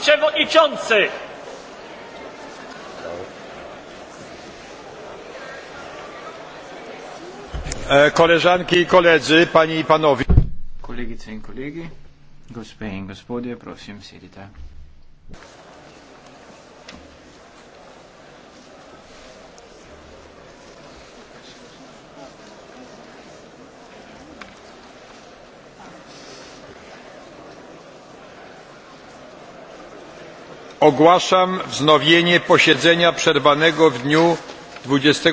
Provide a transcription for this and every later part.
przewodniczący. E, koleżanki i koledzy, panie i panowie. Kolegice i kolegi, gospodzie, proszę, siedzite. ogłaszam wznowienie posiedzenia przerwanego w dniu dwadzieścia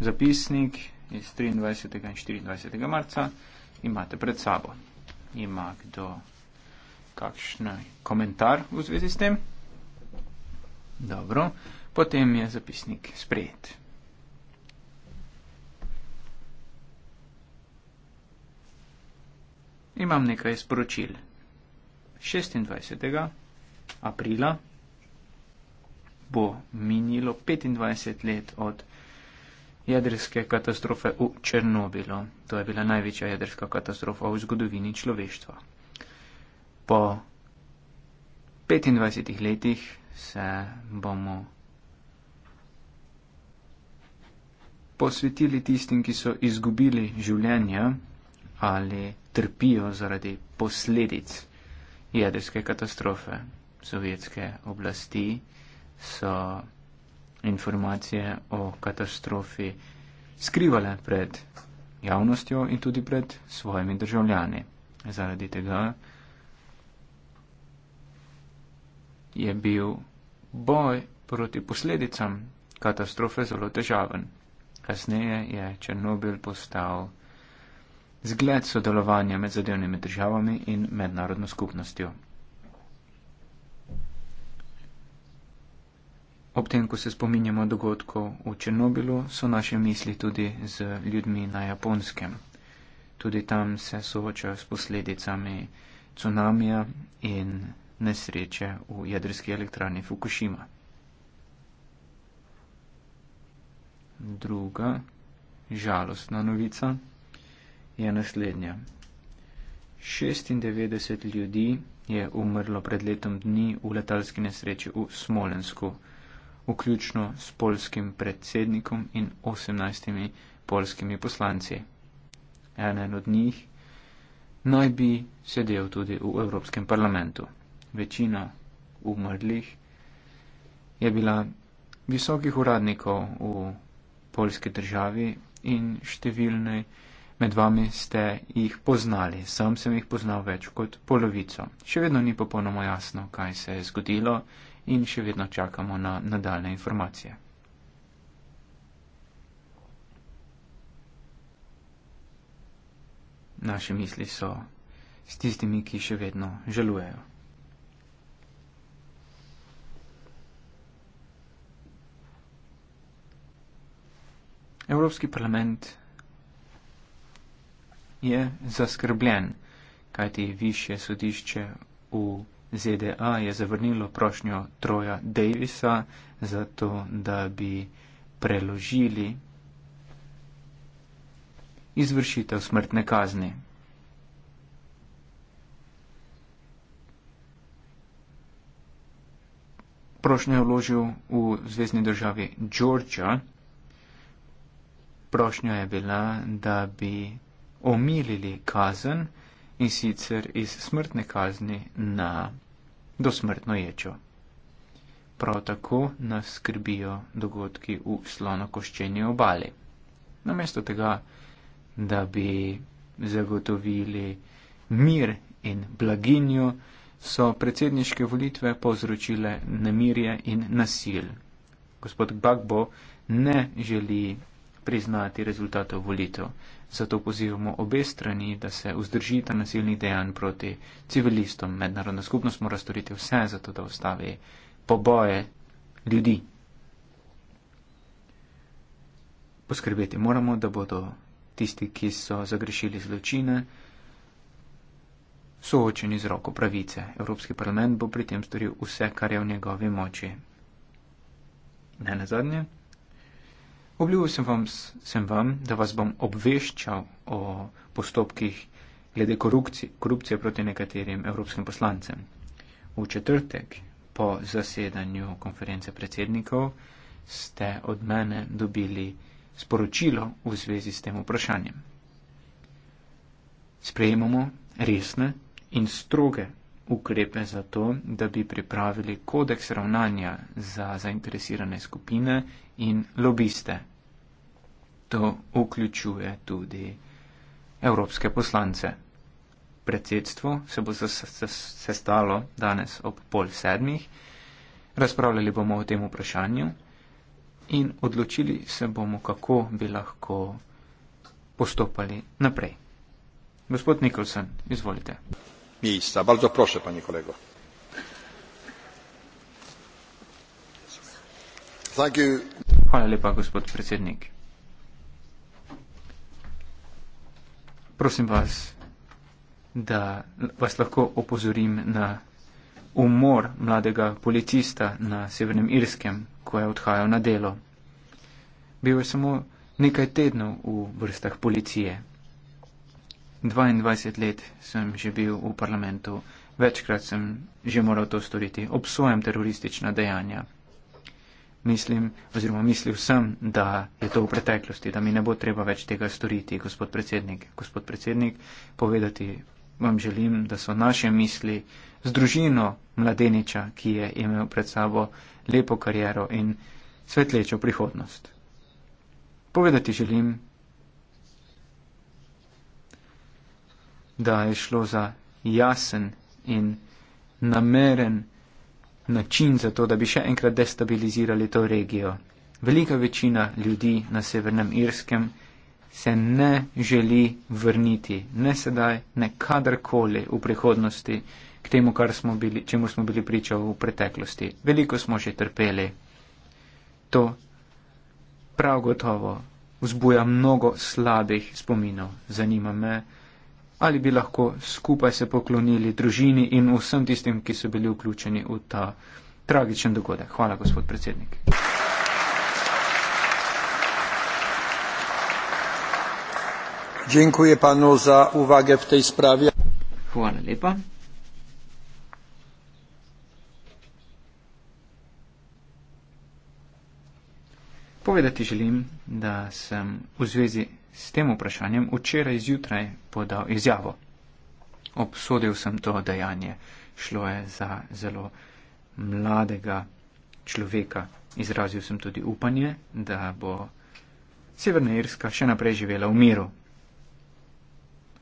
Zapisnik iz 23. in 24. marca imate pred sabo. Ima kdo kakšen komentar v zvezi s tem? Dobro, potem je zapisnik sprejet. Imam nekaj sporočil. 26. aprila bo minilo 25 let od jedrske katastrofe v Černobilu. To je bila največja jedrska katastrofa v zgodovini človeštva. Po 25 letih se bomo posvetili tistim, ki so izgubili življenje ali trpijo zaradi posledic jedrske katastrofe. Sovjetske oblasti so informacije o katastrofi skrivale pred javnostjo in tudi pred svojimi državljani. Zaradi tega je bil boj proti posledicam katastrofe zelo težaven. Kasneje je Černobil postal zgled sodelovanja med zadevnimi državami in mednarodno skupnostjo. Ob tem, ko se spominjamo dogodkov v Černobilu, so naše misli tudi z ljudmi na japonskem. Tudi tam se soočajo s posledicami cunamija in nesreče v jedrski elektrani Fukushima. Druga žalostna novica je naslednja. 96 ljudi je umrlo pred letom dni v letalski nesreči v Smolensku, vključno s polskim predsednikom in 18 polskimi poslanci. Enen od njih naj bi sedel tudi v Evropskem parlamentu večina umrlih je bila visokih uradnikov v polski državi in številni med vami ste jih poznali. Sam sem jih poznal več kot polovico. Še vedno ni popolnoma jasno, kaj se je zgodilo in še vedno čakamo na nadaljne informacije. Naše misli so s tistimi, ki še vedno želujejo. Evropski parlament je zaskrbljen, kajti višje sodišče v ZDA je zavrnilo prošnjo Troja Davisa za to, da bi preložili izvršitev smrtne kazni. Prošnjo je vložil v zvezdni državi Georgia prošnja je bila, da bi omilili kazen in sicer iz smrtne kazni na dosmrtno ječo. Prav tako nas skrbijo dogodki v slonokoščeni obali. Namesto tega, da bi zagotovili mir in blaginjo, so predsedniške volitve povzročile nemirje in nasil. Gospod Gbagbo ne želi priznati rezultatov volitev. Zato pozivamo obe strani, da se vzdržita nasilnih dejanj proti civilistom. Mednarodna skupnost mora storiti vse, zato da ustavi poboje ljudi. Poskrbeti moramo, da bodo tisti, ki so zagrešili zločine, soočeni z roko pravice. Evropski parlament bo pri tem storil vse, kar je v njegovi moči. Ne nazadnje. Obljubil sem vam, sem vam, da vas bom obveščal o postopkih glede korupcije, korupcije proti nekaterim evropskim poslancem. V četrtek po zasedanju konference predsednikov ste od mene dobili sporočilo v zvezi s tem vprašanjem. Sprejemamo resne in stroge ukrepe za to, da bi pripravili kodeks ravnanja za zainteresirane skupine in lobiste. To vključuje tudi evropske poslance. Predsedstvo se bo sestalo danes ob pol sedmih, razpravljali bomo o tem vprašanju in odločili se bomo, kako bi lahko postopali naprej. Gospod Nikolson, izvolite miejsca. Bardzo proszę, panie kolego. Hvala lepa, gospod predsednik. Prosim vas, da vas lahko opozorim na umor mladega policista na Severnem Irskem, ko je odhajal na delo. Bil je samo nekaj tednov v vrstah policije. 22 let sem že bil v parlamentu, večkrat sem že moral to storiti, obsojam teroristična dejanja. Mislim, oziroma mislil sem, da je to v preteklosti, da mi ne bo treba več tega storiti, gospod predsednik. Gospod predsednik, povedati vam želim, da so naše misli z družino mladeniča, ki je imel pred sabo lepo kariero in svetlečo prihodnost. Povedati želim, da je šlo za jasen in nameren način za to, da bi še enkrat destabilizirali to regijo. Velika večina ljudi na Severnem Irskem se ne želi vrniti, ne sedaj, ne kadarkoli v prihodnosti k temu, smo bili, čemu smo bili priča v preteklosti. Veliko smo že trpeli. To prav gotovo vzbuja mnogo slabih spominov. Zanima me, ali bi lahko skupaj se poklonili družini in vsem tistim, ki so bili vključeni v ta tragičen dogodek. Hvala, gospod predsednik. Hvala lepa. Povedati želim, da sem v zvezi s tem vprašanjem včeraj zjutraj podal izjavo. Obsodil sem to dejanje. Šlo je za zelo mladega človeka. Izrazil sem tudi upanje, da bo Severna Irska še naprej živela v miru.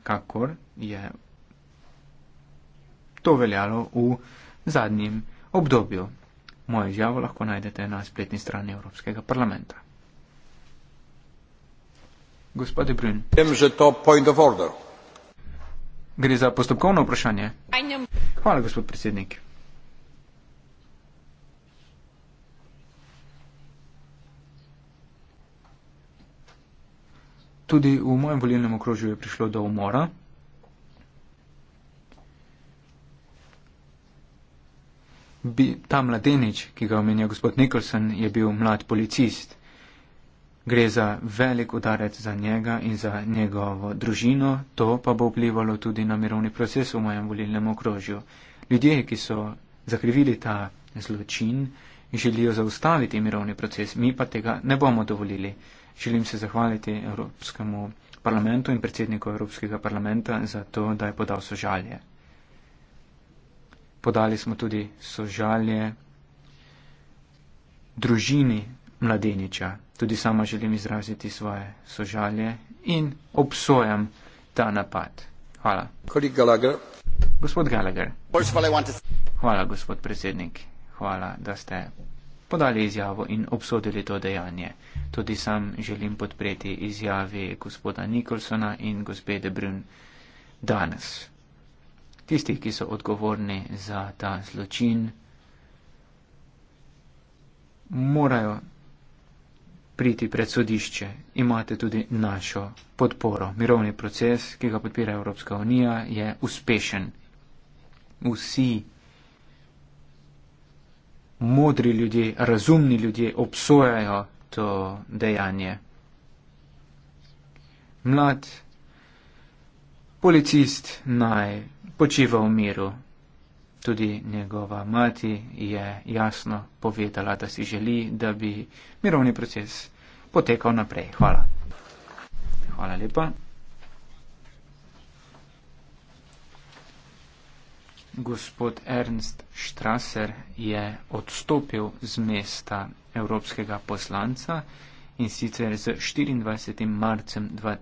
Kakor je to veljalo v zadnjem obdobju. Moje izjavo lahko najdete na spletni strani Evropskega parlamenta. Gospod Brun. Vem, že to point of order. Gre za postopkovno vprašanje. Hvala, gospod predsednik. Tudi v mojem volilnem okrožju je prišlo do umora. bi, ta mladenič, ki ga omenja gospod Nikolson, je bil mlad policist. Gre za velik udarec za njega in za njegovo družino, to pa bo vplivalo tudi na mirovni proces v mojem volilnem okrožju. Ljudje, ki so zakrivili ta zločin, želijo zaustaviti mirovni proces, mi pa tega ne bomo dovolili. Želim se zahvaliti Evropskemu parlamentu in predsedniku Evropskega parlamenta za to, da je podal sožalje podali smo tudi sožalje družini mladeniča. Tudi sama želim izraziti svoje sožalje in obsojam ta napad. Hvala. Gallagher. Gospod Gallagher. Hvala, gospod predsednik. Hvala, da ste podali izjavo in obsodili to dejanje. Tudi sam želim podpreti izjavi gospoda Nikolsona in gospe Debrun danes tistih, ki so odgovorni za ta zločin, morajo priti pred sodišče. Imate tudi našo podporo. Mirovni proces, ki ga podpira Evropska unija, je uspešen. Vsi modri ljudje, razumni ljudje obsojajo to dejanje. Mlad Policist naj počiva v miru. Tudi njegova mati je jasno povedala, da si želi, da bi mirovni proces potekal naprej. Hvala. Hvala lepa. Gospod Ernst Strasser je odstopil z mesta evropskega poslanca in sicer z 24. marcem